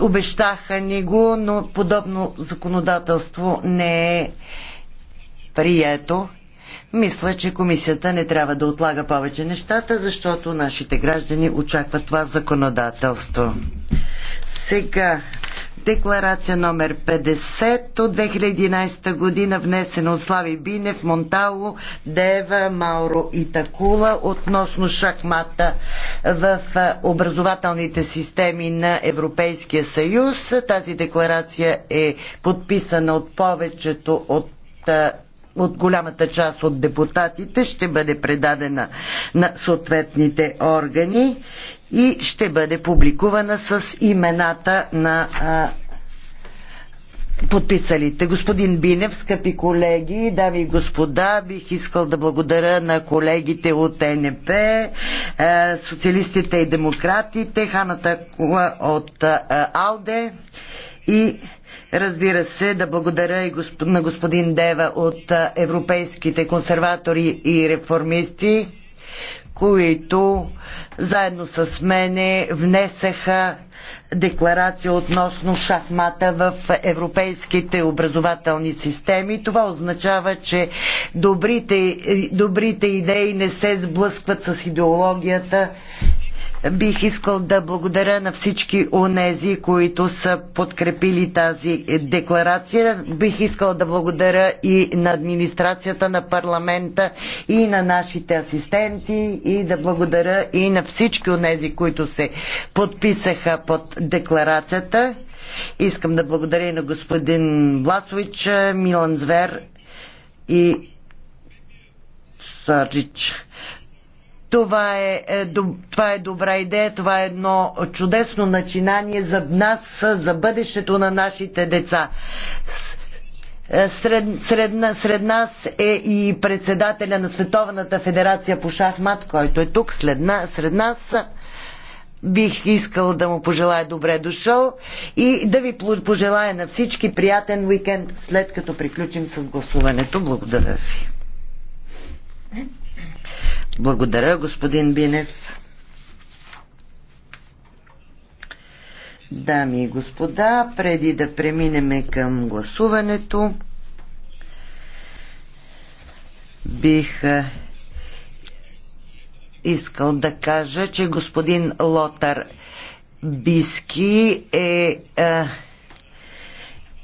Обещаха ни го, но подобно законодателство не е прието. Мисля, че комисията не трябва да отлага повече нещата, защото нашите граждани очакват това законодателство. Сега Декларация номер 50 от 2011 година, внесена от Слави Бинев, Монтало, Дева, Мауро и Такула относно шахмата в образователните системи на Европейския съюз. Тази декларация е подписана от повечето от от голямата част от депутатите ще бъде предадена на съответните органи и ще бъде публикувана с имената на а, подписалите. Господин Бинев, скъпи колеги, дами и господа, бих искал да благодаря на колегите от НП, е, социалистите и демократите, ханата от АЛДЕ и Разбира се, да благодаря и на господин Дева от европейските консерватори и реформисти, които заедно с мене внесаха декларация относно шахмата в европейските образователни системи. Това означава, че добрите, добрите идеи не се сблъскват с идеологията Бих искал да благодаря на всички онези, които са подкрепили тази декларация. Бих искал да благодаря и на администрацията на парламента и на нашите асистенти и да благодаря и на всички онези, които се подписаха под декларацията. Искам да благодаря и на господин Власович, Милан Звер и Сардич. Това е, е това е добра идея, това е едно чудесно начинание за нас, за бъдещето на нашите деца. Е, сред, сред, сред нас е и председателя на Световната федерация по шахмат, който е тук след, сред нас. Бих искал да му пожелая добре дошъл и да ви пожелая на всички приятен уикенд, след като приключим с гласуването. Благодаря ви. Благодаря, господин Бинев. Дами и господа, преди да преминем към гласуването, бих е, искал да кажа, че господин Лотар Биски е, е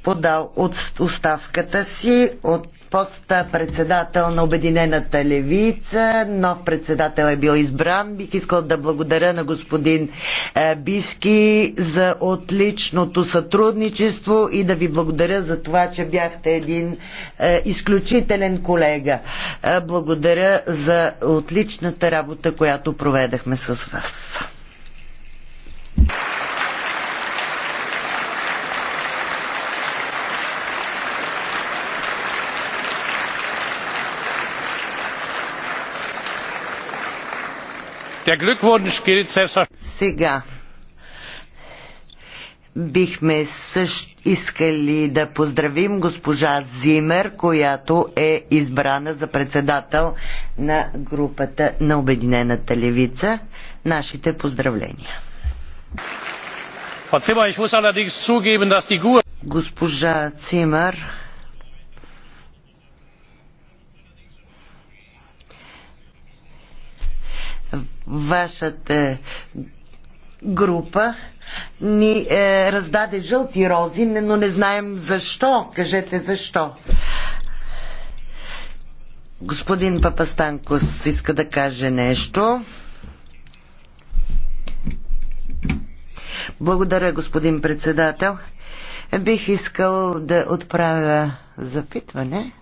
подал от оставката си от поста председател на Обединената левица. Нов председател е бил избран. Бих искал да благодаря на господин е, Биски за отличното сътрудничество и да ви благодаря за това, че бяхте един е, изключителен колега. Е, благодаря за отличната работа, която проведахме с вас. Сега бихме също искали да поздравим госпожа Зимер, която е избрана за председател на групата на Обединената левица. Нашите поздравления. Госпожа Цимер, вашата група ни е, раздаде жълти рози, но не знаем защо. Кажете защо. Господин Папастанкос иска да каже нещо. Благодаря, господин председател. Бих искал да отправя запитване.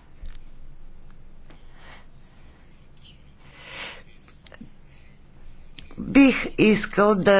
Бих искал да